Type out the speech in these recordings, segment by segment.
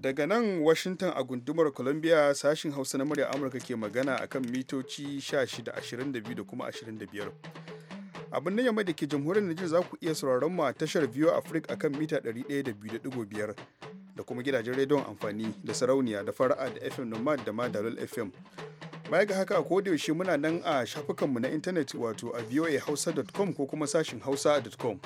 Daga nan Washington a gundumar Columbia sashin Hausa na murya Amurka ke magana akan mitoci 16, 22 da kuma 25. Abin nan yamma da ke jamhuriyar Nijar za ku iya sauraron mu a tashar View Africa akan mita 102.5 da kuma gidajen rediyon amfani da sarauniya da fara'a da FM Nomad da Madalol FM. Baya ga haka ko da yaushe muna nan a shafukanmu na intanet wato a voahausa.com ko kuma sashin hausa.com.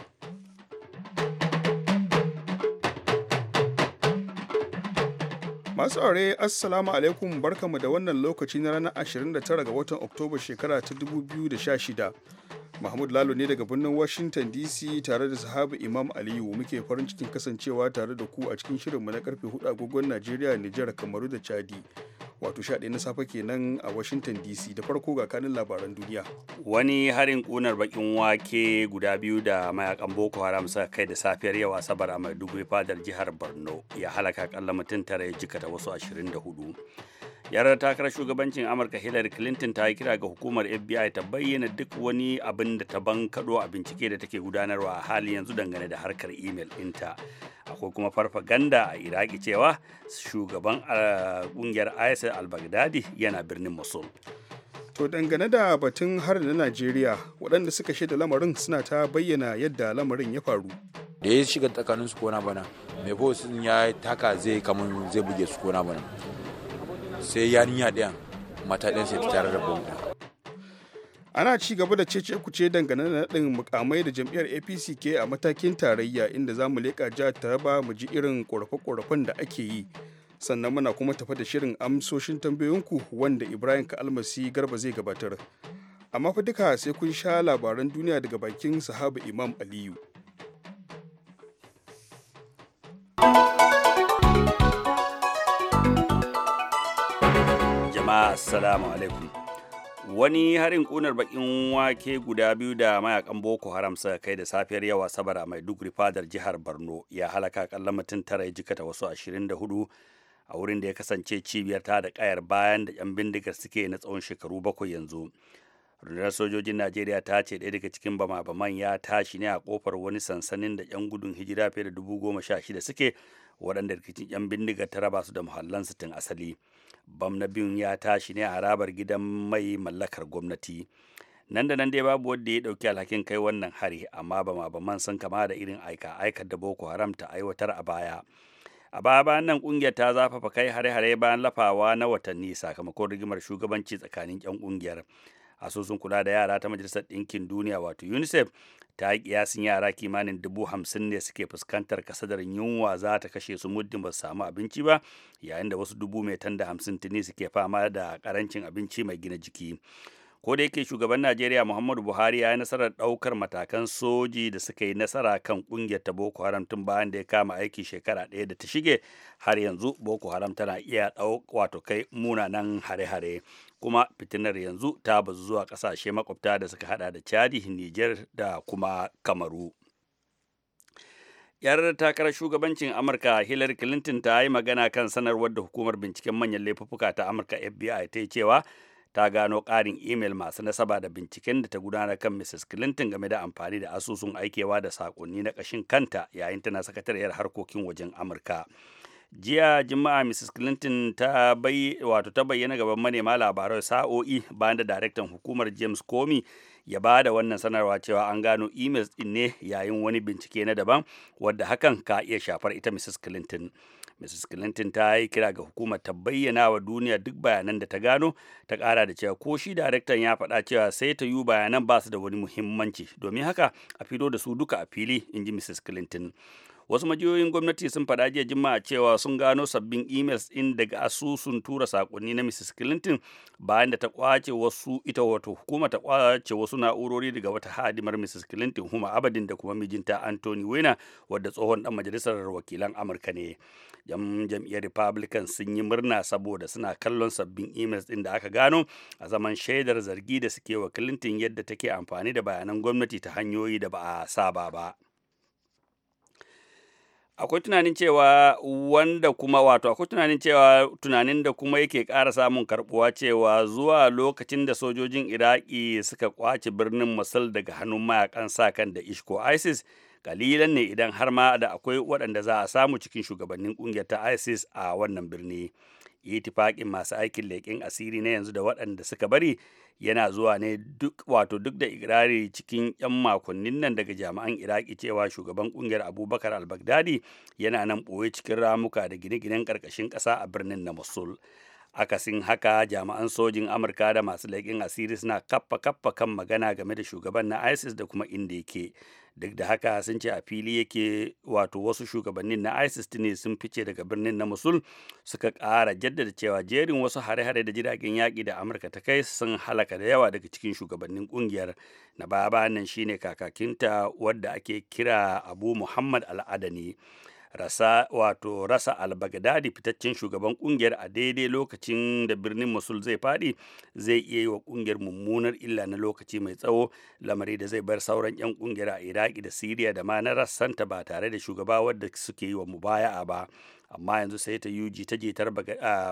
Masu aure Assalamu alaikum barkamu da wannan lokaci na ranar 29 ga watan Oktoba shekara ta 2016. Mahmud Lalo ne daga birnin Washington DC tare da sahabu Imam Aliyu muke farin cikin kasancewa tare da ku a cikin shirinmu na karfe 4 agogon Najeriya, Nijar, Kamaru da Chadi. Wato sha na safe kenan a Washington DC da farko ga kanin labaran duniya. Wani harin kunar bakin wake guda biyu da mayakan Boko Haram suka kai da safiyar yawa sabara a Maiduguri fadar jihar Borno ya halaka akalla mutum tara ya jikata wasu 24. yarar takarar shugabancin amurka hillary clinton ta yi kira ga hukumar fbi ta bayyana duk wani abin da ta bankaɗo a bincike da take gudanarwa a hali yanzu dangane da harkar imel ɗinta akwai kuma farfaganda a iraki cewa shugaban kungiyar isa al-baghdadi yana birnin mosul to dangane da batun har na najeriya waɗanda suka shaida lamarin suna ta bayyana yadda lamarin ya faru da ya shiga tsakanin su kona bana mai sun ya taka zai kamun zai buge su kona bana sai yarinya ɗaya mata ɗayan sai ta tare da bom ana ci gaba da cece kuce dangane da naɗin mukamai da jam'iyyar apc ke a matakin tarayya inda za mu leƙa jihar taraba mu ji irin ƙorafe-ƙorafen da ake yi sannan muna kuma tafa da shirin amsoshin tambayoyinku wanda ibrahim kalmasi garba zai gabatar amma fa duka sai kun sha labaran duniya daga bakin sahaba imam aliyu assalamu alaikum wani harin kunar bakin wake guda biyu da mayakan boko haram suka kai da safiyar yawa sabara mai duguri fadar jihar borno ya halaka kalla mutum tara ya jikata wasu ashirin da hudu a wurin da ya kasance cibiyar ta da kayar bayan da yan bindigar suke na tsawon shekaru bakwai yanzu rundunar sojojin najeriya ta ce ɗaya daga cikin bama-baman ya tashi ne a kofar wani sansanin da yan gudun hijira fiye da dubu goma sha shida suke waɗanda rikicin 'yan bindiga ta raba su da muhallansu tun asali bam na biyun ya tashi ne a harabar gidan mai mallakar gwamnati nan da nan dai babu wanda ya ɗauki alhakin kai wannan hari amma ba ma man san kama da irin aika aikar da boko haram ta aiwatar a baya a baya bayan nan kungiyar ta zafafa kai hare-hare bayan lafawa na watanni sakamakon rigimar shugabanci tsakanin yan kungiyar asusun kula da yara ta majalisar ɗinkin duniya wato unicef ta yi kiyasin yara kimanin dubu hamsin ne suke fuskantar kasadar yunwa za ta kashe su muddin ba su samu abinci ba yayin da wasu dubu mai da hamsin tuni suke fama da karancin abinci mai gina jiki ko da yake shugaban najeriya muhammadu buhari ya yi nasarar ɗaukar matakan soji da suka yi nasara kan ƙungiyar ta boko haram tun bayan da ya kama aiki shekara ɗaya da ta shige har yanzu boko haram tana iya wato kai munanan hare-hare kuma fitinar yanzu ta bazu zuwa kasashe makwabta da suka hada da chadi niger da kuma kamaru yar takarar shugabancin amurka hillary clinton ta yi magana kan sanarwar da hukumar binciken manyan laifuka ta amurka fbi ta yi cewa ta gano ƙarin imel masu nasaba da binciken da ta gudana kan mrs clinton game da amfani da asusun aikewa da sakonni na kashin kanta yayin tana sakatariyar harkokin wajen amurka jiya juma'a mrs clinton ta bai wato ta bayyana gaban manema labarai sa'o'i bayan da daraktan hukumar james comey ya ba da wannan sanarwa cewa an gano emails din ne yayin wani bincike na daban wadda hakan ka iya shafar ita mrs clinton mrs clinton ta yi kira ga hukumar ta bayyana wa duniya duk bayanan da ta gano ta kara da cewa ko shi daraktan ya faɗa cewa sai ta yi bayanan ba su da wani muhimmanci domin haka a fito da su duka a fili in ji mrs clinton wasu majiyoyin gwamnati sun faɗa jiya juma'a cewa sun gano sabbin emails ɗin daga asusun tura sakonni na mrs clinton bayan da ta kwace wasu ita wato hukuma ta kwace wasu na'urori daga wata hadimar mrs clinton huma abadin da kuma mijinta anthony weiner wadda tsohon dan majalisar wakilan amurka ne jam jam'iyyar republican sun yi murna saboda suna kallon sabbin emails ɗin da aka gano a zaman shaidar zargi da suke wa clinton yadda take amfani da bayanan gwamnati ta hanyoyi da ba a saba ba. akwai tunanin cewa wanda kuma wato akwai tunanin cewa tunanin da kuma yake kara samun karbuwa cewa zuwa lokacin da sojojin iraki suka kwace birnin masal daga hannun mayakan sa kan da ishko isis kalilan ne idan har ma da akwai waɗanda za a samu cikin shugabannin ƙungiyar ta isis a wannan birni itifaƙin masu aikin leƙen asiri na yanzu da waɗanda suka bari yana zuwa ne duk wato duk da ikirari cikin 'yan makonnin nan daga jami'an iraki cewa shugaban ƙungiyar abubakar al-baghdadi yana nan ɓoye cikin ramuka da gine-ginen ƙarƙashin ƙasa a birnin na mosul akasin haka jami'an sojin amurka da masu laƙin asiri suna kaffa kaffa kan magana game da shugaban na isis da kuma inda yake duk da haka sun ce a fili yake wato wasu shugabannin na isis ne sun fice daga birnin na musul suka ƙara jaddada cewa jerin wasu hare-hare da jiragen yaƙi da amurka ta kai sun halaka da yawa daga cikin shugabannin ƙungiyar na baba nan shine kakakinta wadda ake kira abu muhammad al'adani rasa wato rasa al-baghdadi fitaccen shugaban kungiyar a daidai lokacin da birnin mosul zai fadi zai iya yi wa kungiyar mummunar illa na lokaci mai tsawo lamari da zai bar sauran 'yan kungiyar a iraki da siriya da ma na rassanta ba tare da shugaba wadda suke yi wa mubaya'a ba amma yanzu sai ta yuji ta jitar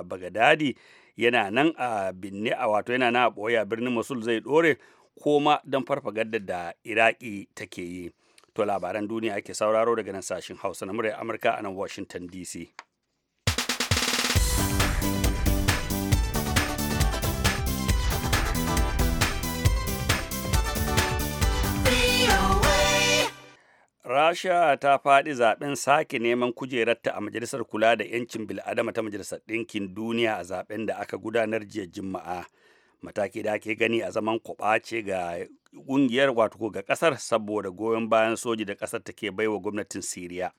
bagadadi yana nan a binne a wato yana nan a boya birnin mosul zai dore koma don farfagar da iraki take yi To labaran duniya ake sauraro daga nan sashen Hausa na muryar Amurka a nan Washington DC. Rasha ta faɗi zaɓen sake neman kujerarta a Majalisar Kula da 'Yancin Bil'adama ta Majalisar Ɗinkin Duniya a zaɓen da aka gudanar jiya Juma'a. mataki da ake gani a zaman kwaɓace ga ƙungiyar wato ga ƙasar saboda goyon bayan soji da ƙasar take baiwa gwamnatin siriya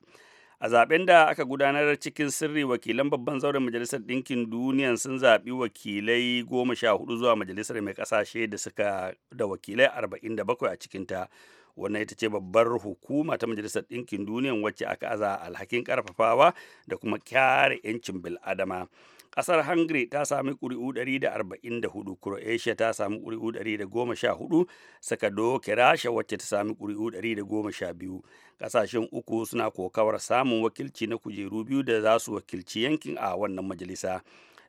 a zaben da aka gudanar cikin sirri wakilan babban zauren majalisar ɗinkin duniya sun zaɓi wakilai goma sha hudu zuwa majalisar mai kasashe da suka da wakilai arba'in da bakwai a cikinta wannan ita ce babbar hukuma ta majalisar ɗinkin duniya wacce aka aza alhakin ƙarfafawa da kuma kyare 'yancin bil'adama Ƙasar hungary ta sami ƙuri'u 144 croatia ta sami ƙuri'u 114 doke rasha wacce ta sami ƙuri'u 112 ƙasashen uku suna kokawar samun wakilci na kujeru biyu da za su wakilci yankin a wannan majalisa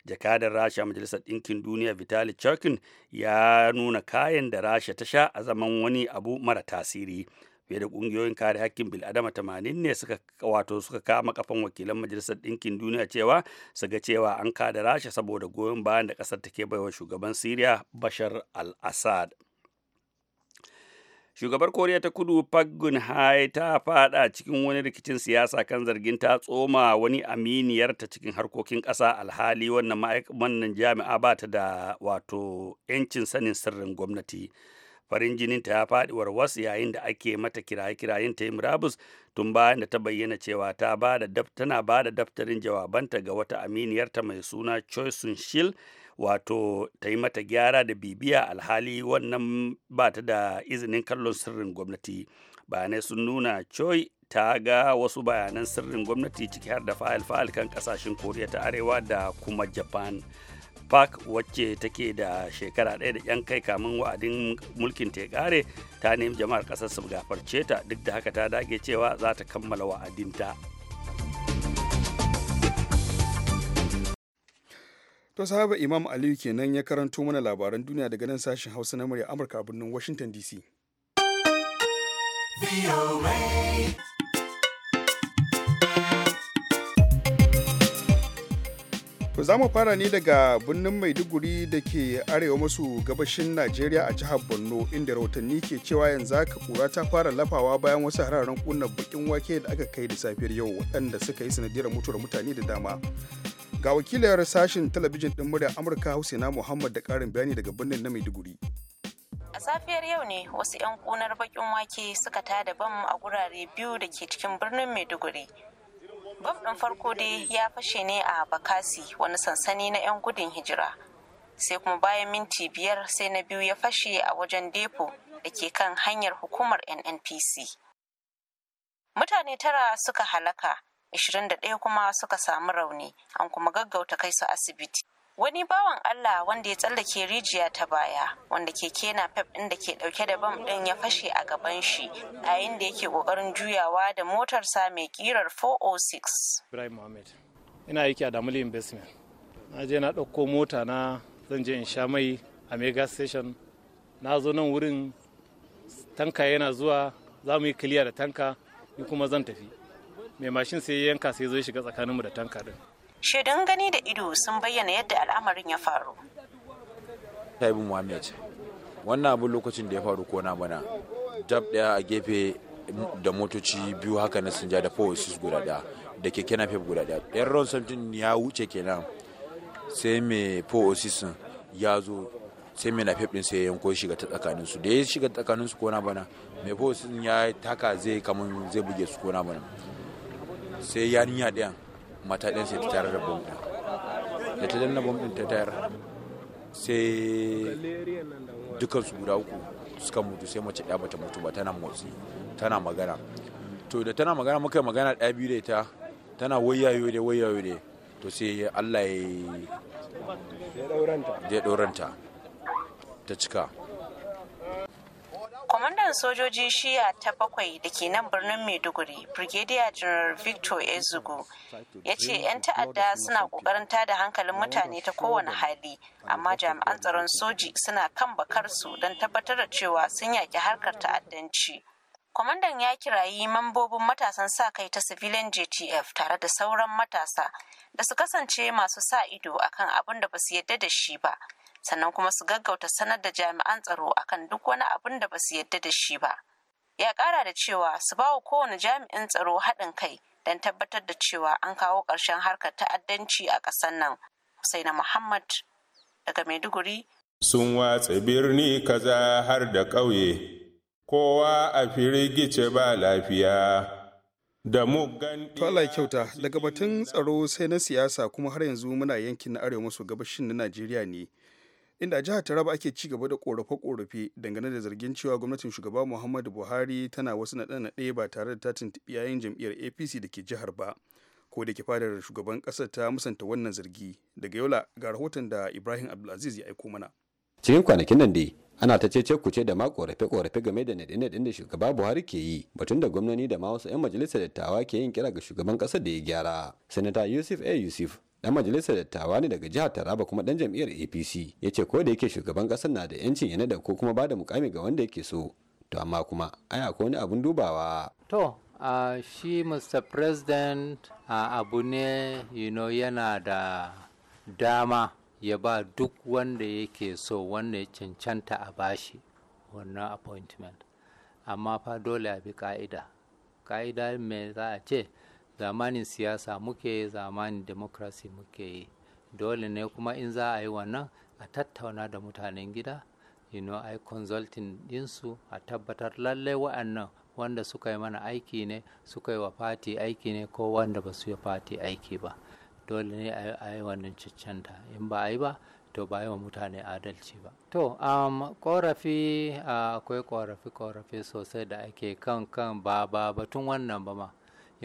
jakadar rasha majalisar ɗinkin duniya vitali chokin ya nuna kayan da rasha ta sha a zaman wani abu mara tasiri fiye da kungiyoyin kare hakkin bil'adama 80 ne suka wato suka kama kafan wakilan majalisar ɗinkin duniya cewa su ga cewa an kada rasha saboda goyon bayan da ƙasar take baiwa shugaban siriya bashar al-assad shugabar koriya ta kudu park hai ta fada cikin wani rikicin siyasa kan zargin ta tsoma wani aminiyarta cikin harkokin kasa alhali wannan jami'a ba ta da wato 'yancin sanin sirrin gwamnati farin jinin ta ya faɗi warwas yayin da ake mata kiraye-kirayen ta yi murabus tun bayan da ta bayyana cewa ta tana bada da daftarin jawabanta ga wata aminiyarta mai suna Choisun Sun Shil wato ta yi mata gyara da bibiya alhali wannan ba ta da izinin kallon sirrin gwamnati bayanai sun nuna Choi ta ga wasu bayanan sirrin gwamnati ciki har da fa'al-fa'al kan kasashen koriya ta arewa da kuma japan park wacce take da shekara ɗaya da yan kai kamun wa'adin mulkin ta kare ta nemi jama'ar ƙasar su gafarce ta duk da haka ta dage cewa za ta kammala wa'adinta to sahaba imam aliyu kenan ya karanto mana labaran duniya daga nan sashen hausa na murya amurka a birnin washington dc To za mu fara ne daga birnin Maiduguri da ke arewa masu gabashin Najeriya a jihar Borno inda rahotanni ke cewa yanzu haka kura ta fara lafawa bayan wasu hararen kunna bakin wake da aka kai da safiyar yau waɗanda suka yi sanadiyar mutuwar mutane da dama. Ga wakilar sashen talabijin ɗin murya Amurka Husaina Muhammad da ƙarin bayani daga birnin na Maiduguri. A safiyar yau ne wasu 'yan kunar bakin wake suka tada bam a gurare biyu da ke cikin birnin Maiduguri. bam ɗin farko dai ya fashe ne a bakasi wani sansani na 'yan gudun hijira sai kuma bayan minti biyar sai na biyu ya fashe a wajen depo da ke kan hanyar hukumar nnpc mutane tara suka halaka 21 kuma suka samu rauni an kuma gaggauta kai su asibiti wani bawan Allah wanda ya tsallake rijiya ta baya wanda keke na pep ɗin da ke ɗauke da bam ɗin ya fashe a gaban shi yayin da yake ƙoƙarin juyawa da motarsa mai ƙirar 406. Ibrahim Mohammed, ina aiki a Damuli Investment. Na je na ɗauko mota na zan je in sha mai a Mega Station. Na zo nan wurin tanka yana zuwa za mu yi kiliya da tanka ni kuma zan tafi. Mai mashin sai ya yanka sai zo shiga tsakaninmu da tanka ɗin. Shaidan gani da ido sun bayyana yadda al'amarin ya faru. Taibu Muhammad, wannan abin lokacin da ya faru kona bana dab daya a gefe da motoci biyu haka na sinja da fowasis guda ɗaya da keke na guda ɗaya. Yan ron samtin ya wuce kenan sai mai fowasis ya zo sai mai na din sai yanko shiga ta tsakanin su da ya shiga tsakanin su kona bana mai fowasis ya taka zai kamun zai buge su kona bana sai yarinya ɗaya mata ɗin sai ta tayar da bom ɗin da ta danna bom ɗin ta tayar sai dukansu guda uku suka mutu sai mace ɗaya bata mutu ba tana motsi tana magana to da tana magana muka magana ɗaya biyu da ita tana wayayo da wayayo da to sai Allah ya ɗauranta ta cika kwamandan sojoji shiya ta bakwai da ke nan birnin maiduguri brigadier general victor ezugu ya ce 'yan ta'adda suna kokarin tada hankalin mutane ta kowane hali amma jami'an tsaron soji suna kan bakarsu don tabbatar da cewa sun yaƙi harkar ta'addanci kwamandan ya kirayi mambobin matasan sa kai ta civilian jtf tare da sauran matasa da su kasance masu sa ido akan abin da ba su yadda da shi ba sannan kuma su gaggauta sanar da jami'an tsaro akan duk wani abin da basu su yadda da shi ba ya kara da cewa su ba wa kowane jami'in tsaro haɗin kai don tabbatar da cewa an kawo ƙarshen harkar ta'addanci a ƙasar nan sai muhammad daga maiduguri sun watsa birni kaza har da ƙauye kowa a firgice ba lafiya da muggan Allah kyauta daga batun tsaro sai na siyasa kuma har yanzu muna yankin na arewa maso gabashin na Najeriya ne inda jihar taraba ake ci gaba da korafe-korafe dangane da zargin cewa gwamnatin shugaba muhammadu buhari tana wasu naɗe ɗaya ba tare da ta tuntuɓi yayin jam'iyyar apc da ke jihar ba ko da ke fadar shugaban ƙasar ta musanta wannan zargi daga yola ga rahoton da ibrahim abdulaziz ya aiko mana cikin kwanakin nan dai ana ta cece kuce da ma korafe-korafe game da naɗe-naɗen da shugaba buhari ke yi batun da gwamnoni da ma wasu 'yan majalisar dattawa ke yin kira ga shugaban ƙasar da ya gyara sanata yusuf a yusuf dan majalisar dattawa ne daga jihar Taraba kuma dan jam'iyyar APC ya ce ko da yake shugaban kasar na da yancin ya nada ko kuma ba da mukami ga wanda yake so to amma kuma ai akwai wani abun dubawa to uh, shi Mr President uh, abu ne you know yana da dama ya ba duk wanda yake so wanda ya cancanta a bashi wannan appointment amma fa dole a bi ka'ida ka'ida me za a ce zamanin siyasa muke zamanin demokrasi muke yi dole ne kuma in za a yi wannan a tattauna da mutanen gida you know, yi consulting dinsu a tabbatar lallai wa'annan wanda suka yi mana aiki ne suka yi wa fati aiki ne ko wanda ba su yi fati aiki ba dole ne a yi wannan cancanta in ba a yi ba to ba yi wa mutane adalci ba to um, korafi uh, akwai uh, korafi korafi sosai da ake kan kan ba ba batun wannan ba ma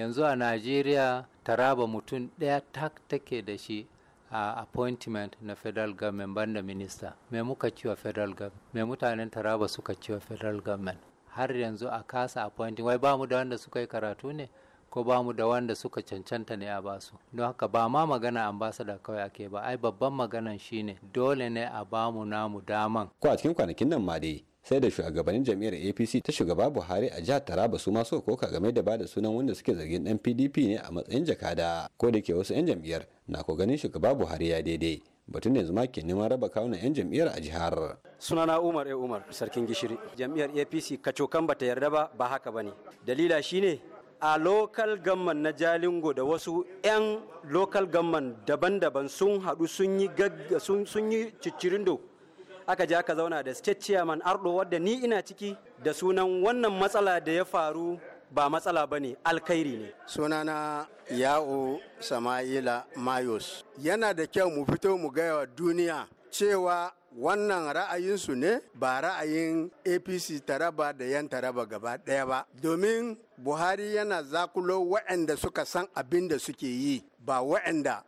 yanzu a najeriya taraba mutum ɗaya tak take da shi a appointment na federal government banda minista me muka ciwa federal government me mutanen taraba suka ciwa federal government har yanzu a kasa appointing wai ba mu da wanda suka yi karatu ne ko mu da wanda suka cancanta ne a basu don haka ba ma magana da kawai ake ba ai babban maganan shine dole ne a ba bamu namu daman ko a cikin kwanakin nan ma dai sai da shugabannin jam'iyyar apc ta shugaba buhari a jihar taraba su masu koka game da bada sunan wanda suke zargin dan pdp ne a matsayin jakada ko da ke wasu 'yan jam'iyyar na ko ganin shugaba buhari ya daidai batun yanzu ma ke neman raba kawunan 'yan jam'iyyar a jihar. sunana umar a umar sarkin gishiri jam'iyyar apc kacokan bata yarda ba ba haka bane dalila shine a lokal gamman na jalingo da wasu 'yan lokal gamman daban-daban sun haɗu sun yi ciccirindo aka je aka zauna da state chairman ardo wadda ni ina ciki da sunan wannan matsala da ya faru ba matsala ba ne alkhairi ne sunana ya'o sama'ila mayos yana da kyau mu fito mu gaya wa duniya cewa wannan ra'ayinsu ne ba ra'ayin apc taraba da yan taraba gaba ɗaya ba domin buhari yana zakulo wa'anda suka san abin da suke yi ba wa'anda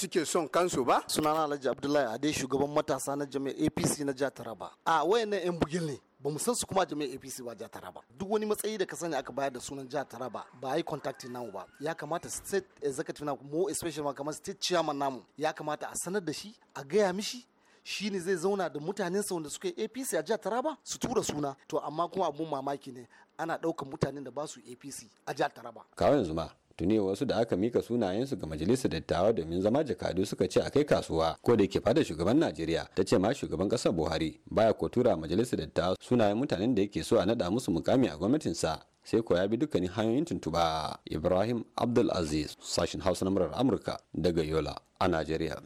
suke son kansu ba sunana alhaji abdullahi ade shugaban matasa na jami'ar apc na jihar taraba a wayannan yan bugil ne ba mu san su kuma jami'ar apc ba jihar taraba duk wani matsayi da ka sani aka bayar da sunan jihar taraba ba yi contacting namu ba ya kamata state executive namu mo especially ma kamar state chairman namu ya kamata a sanar da shi a gaya mishi shi ne zai zauna da mutanensa wanda suke apc a jihar taraba su tura suna to amma kuma abun mamaki ne ana ɗaukan mutanen da ba su apc a jihar taraba kawai yanzu ma tuni wasu da aka mika sunayensu ga majalisar dattawa domin zama jakadu suka ce a kai kasuwa ko da ke fada shugaban najeriya ta ce ma shugaban kasar buhari baya ko tura majalisar dattawa sunayen mutanen da yake so a nada musu mukami a gwamnatinsa sai ko ya bi dukkanin hanyoyin tuntuba ibrahim abdul aziz sashin hausa na murar amurka daga yola a najeriya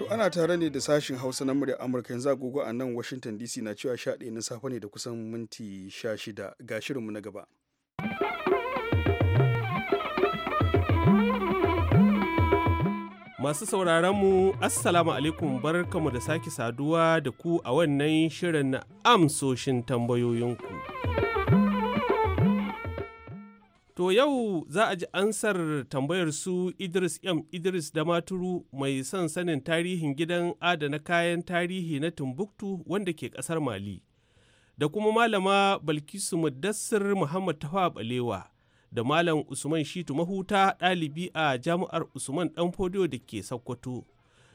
To ana tare ne da sashin Hausa na murya Amurka yanzu agogo a nan Washington DC na cewa sha ɗaya na safe ne da kusan minti sha shida ga shirinmu na gaba. Masu sauraronmu, Assalamu alaikum barkamu da sake saduwa da ku a wannan shirin na amsoshin tambayoyinku. To yau za a ji ansar tambayar su Idris M. Idris da Maturu mai son sanin tarihin gidan adana kayan tarihi na Timbuktu wanda ke ƙasar Mali. Da kuma malama Balkisu Muddassir Muhammad Tafa Balewa da malam Usman Shitu Mahuta ɗalibi a jami'ar Usman ɗan Fodiyo da ke Sokoto.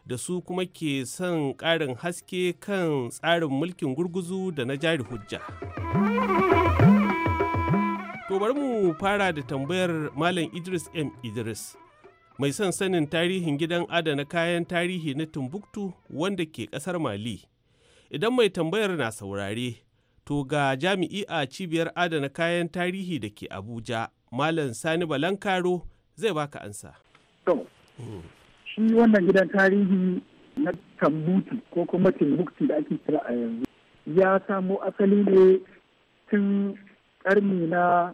Da su kuma ke son ƙarin haske kan tsarin mulkin gurguzu da na jari hujja. To bari mu fara da tambayar Malam Idris M. Idris, mai son sanin tarihin gidan adana kayan tarihi na Timbuktu wanda ke ƙasar Mali. Idan mai tambayar na saurare, to ga jami'i a cibiyar adana kayan tarihi da ke Abuja, Malam Sani Balankaro zai baka ansa. Hmm. shi wannan gidan tarihi na Timbuktu ko kuma Timbuktu da ake kira a yanzu ya samo asali ne tun ƙarni na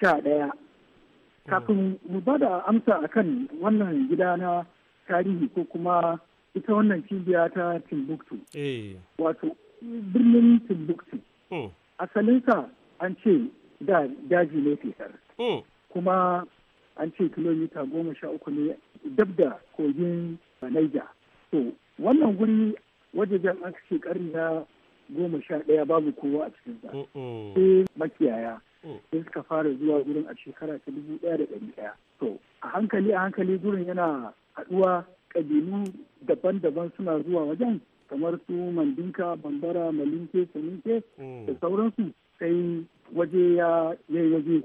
sha ɗaya kafin mu ba da amsa akan wannan gida na tarihi ko kuma ita wannan cibiya ta timbuktu eh. wato birnin timbuktu hmm. asalinsa an ce da daji ne fesar hmm. kuma an ce kilomita goma sha uku ne dab da kogin naija to wannan guri wajejen aka ce karni na goma sha ɗaya babu kowa a cikin sa sai makiyaya mm. sai suka fara zuwa gurin a shekara ta dubu ɗaya da ɗari ɗaya to a hankali a hankali gurin yana haɗuwa ƙabilu daban-daban suna zuwa wajen kamar su mandinka bambara malinke saninke mm. da sauransu sai waje ya yi waje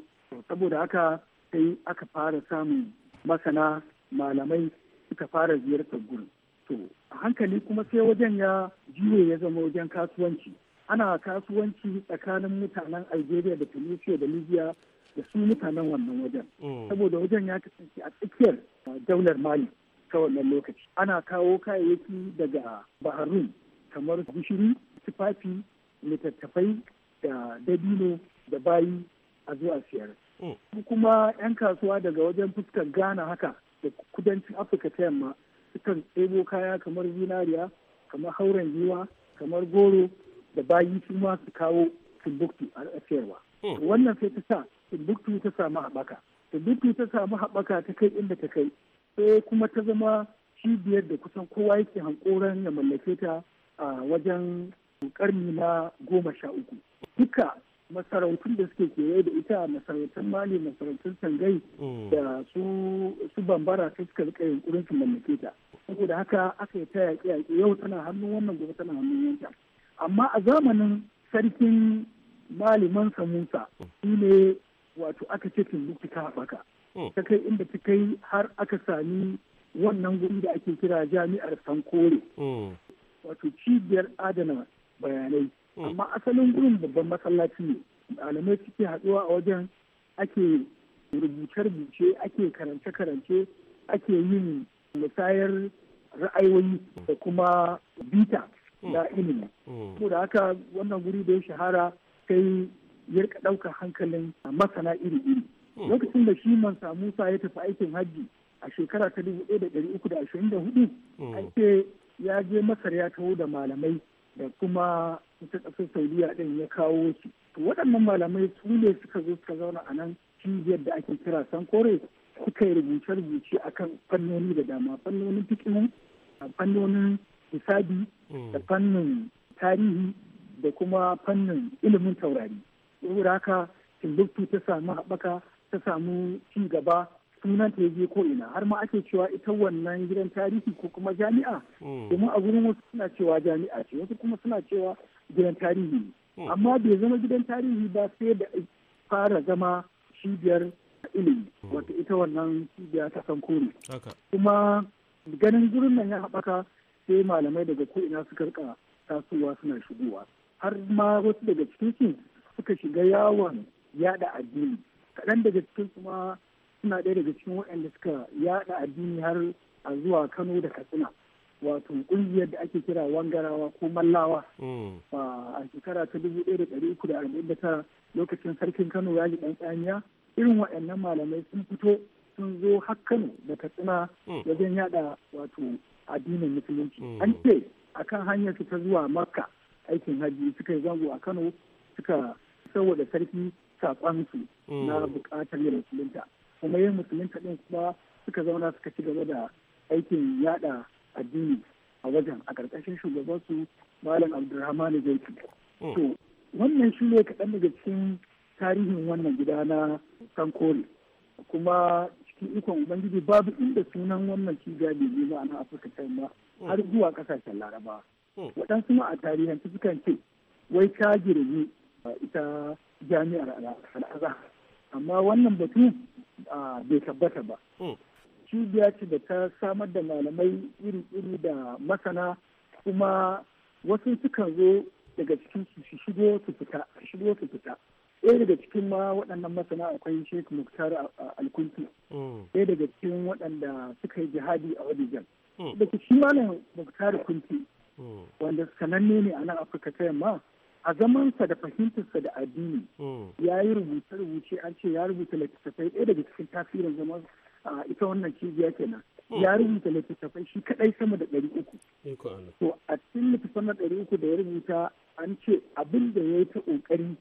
saboda haka sai aka fara samun masana malamai suka fara ziyartar gurin to a hankali kuma sai wajen ya juye ya zama wajen kasuwanci ana kasuwanci tsakanin mutanen algeria da tunisia da libya da su mutanen wannan wajen mm. saboda wajen ya kasance a tsakiyar uh, daular mali ta wannan lokaci ana kawo kayayyaki daga baharun kamar gishiri tufafi littattafai da dabino da bayi a zuwa siyar mm. kuma 'yan kasuwa daga wajen fuskar ghana haka da kudancin afirka ta yamma sukan ɗebo kaya kamar zinariya kamar hauren giwa kamar goro da bayi su ma su kawo timbuktu a sayarwa hmm. wannan sai ta sa timbuktu ta samu haɓaka timbuktu ta samu haɓaka ta kai inda ta kai sai kuma ta zama cibiyar da kusan kowa yake hankoran ya mallake ta a wajen ƙarni na goma sha uku duka masarautun da suke kewaye da ita masarautun mali masarautun sangai mm. da su bambara ta suka rika yunkurin su mallake ta saboda haka aka yi ta yaƙi yaƙi yau tana hannu wannan gobe tana hannun yanta amma a zamanin sarkin maliman samusa shi ne wato aka ce timbuktu ta haɓaka mm. ta kai inda ta kai har aka sami wannan guri da ake kira jami'ar sankore mm. wato cibiyar adana bayanai Mm. amma asalin gurin babban masallaci ne malamai suke haɗuwa a wajen ake rubuce-rubuce ake karance-karance ake yin musayar ra'ayoyi da kuma bita mm. na ilimi ko mm. da haka wannan guri da ya shahara sai ya rika ɗaukar hankalin masana iri-iri lokacin da shi samu sa ya tafi aikin hajji a shekara ta dubu ɗaya da ɗari uku da ashirin da hudu an ya je masar ya taho da malamai da kuma ita kasar saudiya ɗin ya kawo shi waɗannan malamai su ne suka zo suka zauna a nan cibiyar da ake kira sankore suka yi rubuce-rubuce kan fannoni da dama fannonin fikimin fannonin hisabi hmm. da fannin tarihi da kuma fannin ilimin taurari saboda haka timbuktu ta samu haɓaka ta samu ci gaba sunan ta je ko ina har ma ake cewa ita wannan gidan tarihi ko kuma jami'a hmm. domin a gurin wasu suna cewa jami'a ce wasu kuma suna cewa gidan tarihi hmm. amma bai zama gidan tarihi ba sai da fara zama cibiyar ilimi hmm. wata ita wannan cibiya ta sankore kuma ganin gurin nan ya haɓaka sai malamai daga ko'ina suka rika tasowa suna shigowa har ma wasu daga cikin suka shiga yawon yada addini kaɗan daga cikin kuma suna ɗaya daga cikin waɗanda suka yada addini har a zuwa kano da katsina wato kungiyar da ake kira wangarawa ko mallawa mm. a shekara ta dubu ɗaya da ɗari uku da arba'in da tara lokacin sarkin kano ya ji ɗan tsamiya irin waɗannan malamai sun fito sun zo har kano da katsina mm. wajen yada wato addinin musulunci mm. an ce kan hanyar su ta zuwa makka aikin hajji suka yi zango a kano suka saboda sarki su na buƙatar yin musulunta kuma yin musulunta ɗin kuma suka zauna suka ci gaba da aikin yada addini a wajen a ƙarƙashin shugaban su malam abdulrahman zaitun mm. to wannan shi ne kaɗan daga cikin tarihin wannan gida na sankore kuma cikin ikon ubangiji babu inda sunan wannan cibiya bai yi ma'ana afirka ta yamma mm. har zuwa ƙasashen laraba mm. waɗansu ma a tarihin sukan ce wai ta girgi uh, ita jami'ar al'azhar amma wannan batun uh, bai tabbata ba cibiya ce da ta samar da malamai iri-iri da masana kuma wasu sukan zo daga cikin su shigo su fita shigo su fita ɗaya daga cikin ma waɗannan masana akwai sheikh muktar alkunti mm. ɗaya daga cikin waɗanda suka yi jihadi a wajen mm. da shi malam muktar kunti mm. wanda sananne ne a nan afirka ta yamma a zamansa da fahimtarsa da addini ya yi rubuce-rubuce an ce ya rubuta littattafai ɗaya daga cikin tasirin zaman ita wannan cibiya kenan hmm. ya rubuta littattafai shi kadai sama da ɗari uku. To a cikin littattafan na ɗari uku da ya rubuta an ce abin da ya yi ta ƙoƙari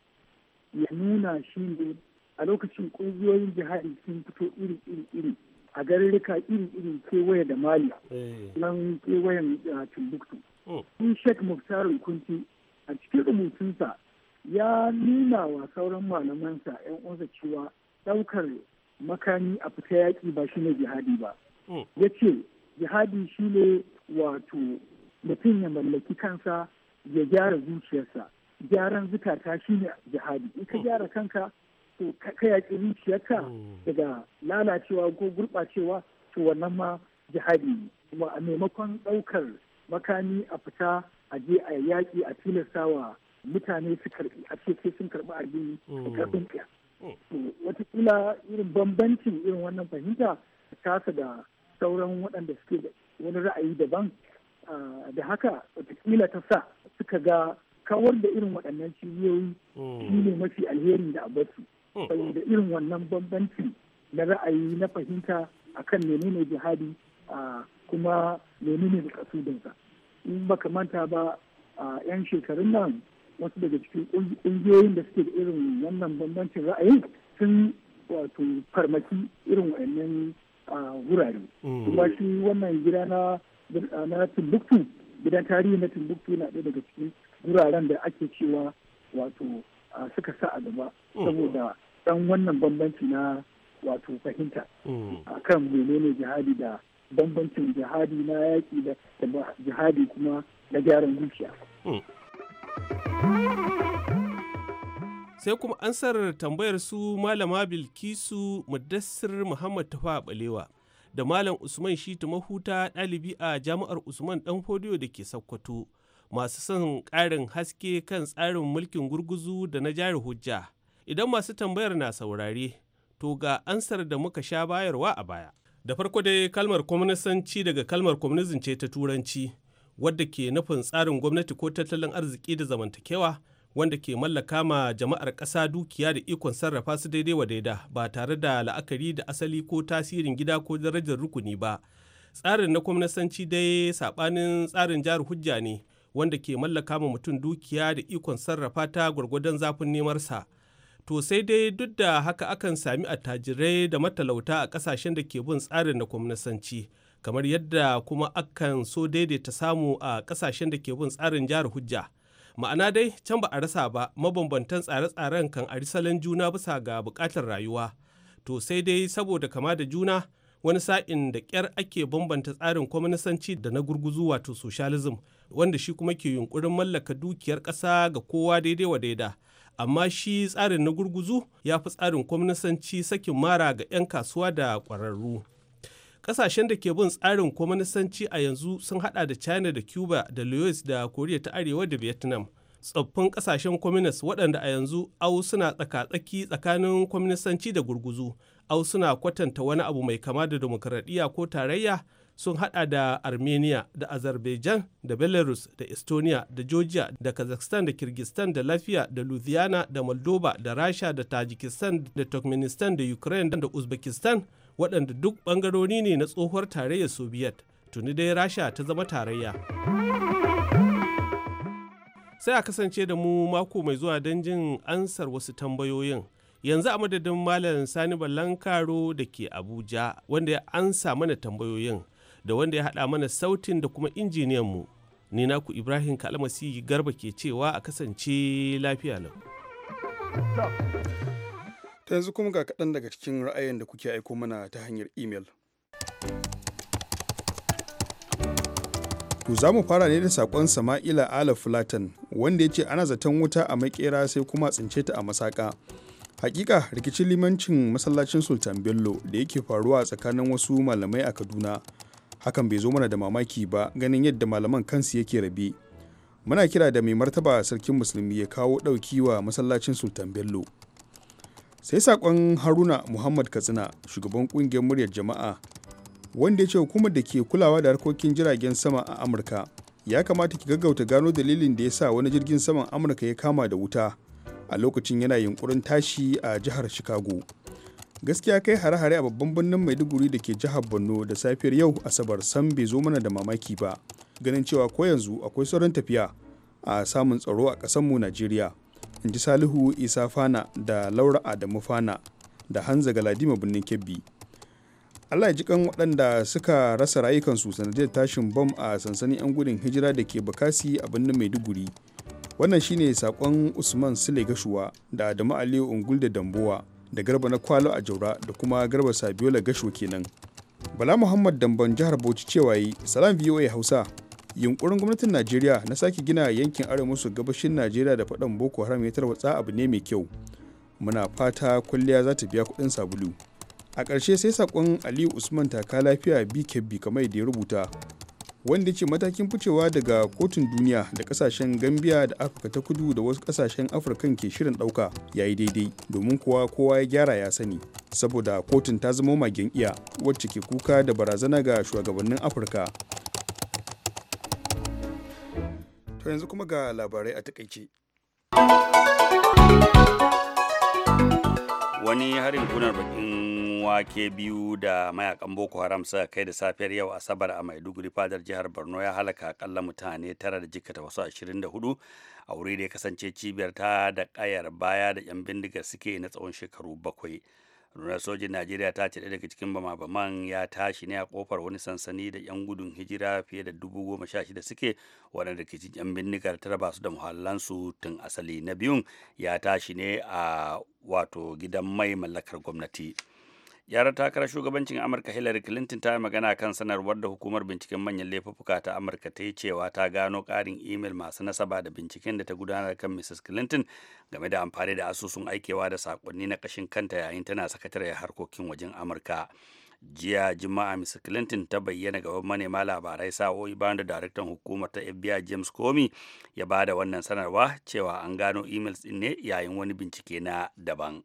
ya nuna shi ne a lokacin ƙungiyoyin jihari sun fito iri iri iri a garurruka iri iri kewaye da mali eh. nan kewayen Timbuktu. Hmm. Sun Sheikh Muftarul Kunti a cikin rubutunsa ya nuna wa sauran malamansa 'yan uwansa cewa ɗaukar makami a fita yaƙi ba shi ne jihadi ba hmm. ya ce jihadi shi ne wato mutum ya mallaki kansa ya gyara zuciyarsa gyaran zukata ne jihadi in ka hmm. gyara kanka to ka yaƙi zuciyarka hmm. daga lalacewa ko gurɓacewa to wannan ma jihadi ne kuma a maimakon ɗaukar makami a fita a je a yaƙi a tilasta wa mutane su karɓi a ce sai sun karɓi addini da watakila irin bambancin irin wannan fahimta tasa da sauran waɗanda suke da wani ra'ayi daban da haka watakila ta sa suka ga kawar da irin waɗannan cibiyoyi hmm. shi ne mafi alheri da abasu hmm. saboda irin wannan bambanci na ra'ayi na fahimta akan menene jihadi kuma menene da kasudinsa in baka manta ba yan shekarun nan wasu daga cikin ƙungiyoyin da suke da irin wannan bambancin ra'ayi sun wato farmaki irin wa'annan wurare mm. kuma shi wannan gida na Timbuktu gidan tarihi na Timbuktu na ɗaya daga cikin wuraren da ake cewa wato suka sa a gaba mm. saboda ɗan wannan bambanci na wato fahimta mm. kan a akan ne jihadi da bambancin jihadi na yaƙi da jihadi kuma na gyaran zuciya. sai kuma ansar tambayar su malama bilkisu mudassir muhammad tafa balewa da malam usman shitu mahuta ɗalibi a jami'ar usman dan fodiyo da ke sakkwato masu son ƙarin haske kan tsarin mulkin gurguzu da na jari hujja idan masu tambayar na saurare to ga ansar da muka sha bayarwa a baya da farko dai kalmar kwamnisanci daga kalmar kwamnizin ce ta turanci wadda ke nufin tsarin gwamnati ko tattalin arziki da zamantakewa wanda ke mallaka ma jama'ar ƙasa dukiya da ikon sarrafa su daidai wa daida ba tare da la'akari da asali ko tasirin gida ko darajar rukuni ba tsarin na kwamnasanci dai saɓanin tsarin jihar hujja ne wanda ke mallaka ma mutum dukiya da ikon sarrafa ta gwargwadon zafin nemar sa to sai dai duk da haka akan sami attajirai da matalauta a ƙasashen da ke bin tsarin na kwamnasanci kamar yadda kuma akan so daidaita samu a kasashen da ke bin tsarin jihar hujja ma'ana dai can ba a rasa ba mabambantan tsare-tsaren kan a salon juna bisa ga bukatar rayuwa to sai dai saboda kama da juna wani sa'in da ƙyar ake bambanta tsarin kwaminisanci da na gurguzu wato socialism wanda shi kuma ke yunkurin mallaka dukiyar ƙasa ga kowa daidai wa daida amma shi tsarin na gurguzu ya fi tsarin kwaminisanci sakin mara ga 'yan kasuwa da ƙwararru. kasashen da ke bin tsarin kwamanisanci a yanzu sun hada da China da Cuba da louis da korea ta Arewa da Vietnam. tsoffin kasashen communist waɗanda a yanzu au suna tsaka-tsaki tsakanin kwaminisanci da gurguzu au suna kwatanta wani abu mai kama da demokaradiyya ko tarayya sun hada da armenia da azerbaijan da belarus da estonia da georgia da kazakhstan da kirgistan da lafiya da luthiana da moldova da rasha da tajikistan da turkmenistan da ukraine da uzbekistan waɗanda duk ɓangarori ne na tsohuwar tarayyar soviet tuni dai rasha ta zama tarayya sai a kasance da mu mako mai zuwa don jin ansar wasu tambayoyin yanzu a madadin malam sani ballankaro da ke abuja wanda ya ansa mana tambayoyin da wanda ya haɗa mana sautin da kuma injiniyanmu ni naku ibrahim kalmasi garba ke cewa a kasance lafiya lau ta yanzu kuma ga kaɗan daga cikin ra'ayin da kuke aiko mana ta hanyar imel. To za mu fara ne da sakon Sama'ila Ala Fulatan wanda ya ce ana zaton wuta a maƙera sai kuma tsince ta a masaka. Hakika rikicin limancin masallacin Sultan Bello da yake faruwa tsakanin wasu malamai a Kaduna. Hakan bai zo mana da mamaki ba ganin yadda malaman kansu yake rabe. Muna kira da mai martaba sarkin musulmi ya kawo ɗauki wa masallacin Sultan Bello. sai sakon haruna muhammad katsina shugaban kungiyar muryar jama'a wanda ya ce hukumar da ke kulawa da harkokin jiragen sama a amurka ya kamata ki gaggauta gano dalilin da ya sa wani jirgin saman amurka ya kama da wuta a lokacin yana yunkurin tashi a jihar chicago gaskiya kai hare-hare a babban birnin maiduguri da ke jihar borno da safiyar yau asabar san bai zo mana da mamaki ba ganin cewa ko yanzu akwai sauran tafiya a samun tsaro a ƙasarmu najeriya in ji salihu isa fana da laura adamu fana da hanza Ladima birnin kebbi allah ji kan waɗanda suka rasa rayukansu sanadiyar tashin bom a sansanin 'yan gudun hijira da ke bakasi a birnin maiduguri wannan shine sakon usman sule gashuwa da adamu aliyu ungul da Dambuwa da garba na kwalo a jaura da kuma garba sabiola gasho kenan bala muhammad damban jihar bauchi cewa yi salam voa hausa yunkurin gwamnatin najeriya na sake gina yankin arewa masu gabashin najeriya da faɗan boko haram ya tarwatsa abu ne mai kyau muna fata kwalliya za ta biya kuɗin sabulu a ƙarshe sai saƙon aliyu usman taka lafiya bkb kamar da ya rubuta wanda ce matakin ficewa daga kotun duniya da kasashen gambia da afirka ta kudu da wasu kasashen Afirka ke shirin ɗauka ya yi daidai domin kowa kowa ya gyara ya sani saboda kotun ta zama magen iya wacce ke kuka da barazana ga shugabannin afirka To yanzu kuma ga labarai a takaice. Wani harin gunar bakin wake biyu da mayakan Boko Haram suka kai da safiyar yau Asabar a Maiduguri fadar jihar Borno ya halaka akalla mutane tara da jikata wasu 24 a wuri da ya kasance cibiyar ta da kayar baya da 'yan bindigar suke na tsawon shekaru bakwai. rundunar sojin najeriya ta ce daga cikin bama-baman ya tashi ne a kofar wani sansani da 'yan gudun hijira fiye da dubu goma sha shida suke waɗanda rikicin 'yan bindigar tara ba su da muhallansu tun asali na biyun ya tashi ne a wato gidan mai mallakar gwamnati. yarar takarar shugabancin amurka hillary clinton ta yi magana kan sanarwar da hukumar binciken manyan laifuka ta amurka ta yi cewa ta gano ƙarin imel masu nasaba da binciken da ta gudanar kan mrs clinton game da amfani da asusun aikewa da sakonni na kashin kanta yayin tana sakatare harkokin wajen amurka jiya juma'a mrs clinton ta bayyana gaban manema labarai sa'o'i bayan da daraktan hukumar ta fbi james comey ya ba da wannan sanarwa cewa an gano imel ɗin ne yayin wani bincike na daban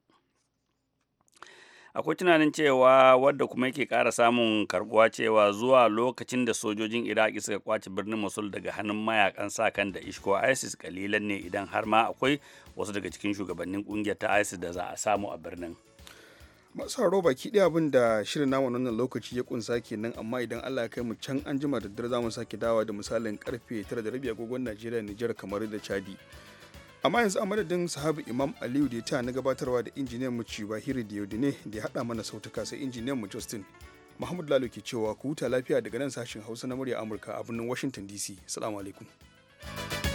akwai tunanin cewa wadda kuma yake kara samun karbuwa cewa zuwa lokacin da sojojin iraki suka kwace birnin mosul daga hannun mayakan sa kan da ishko isis kalilan ne idan har ma akwai wasu daga cikin shugabannin kungiyar ta isis da za a samu a birnin masu baki ɗaya abin da shirin namu wannan lokaci ya kunsa nan amma idan allah ya kai mu can an jima da daddare za mu sake dawa da misalin karfe tara da rabi agogon najeriya nijar kamar da chadi amma yanzu a madadin sahabu imam aliyu da ya ta na gabatarwa da injiniyan mu cibahiri diodine da ya haɗa mana sautuka sai injiniyan mu justin muhammadu lalo ke cewa ku huta lafiya daga nan sashen hausa na murya amurka a birnin washington dc salamu alaikum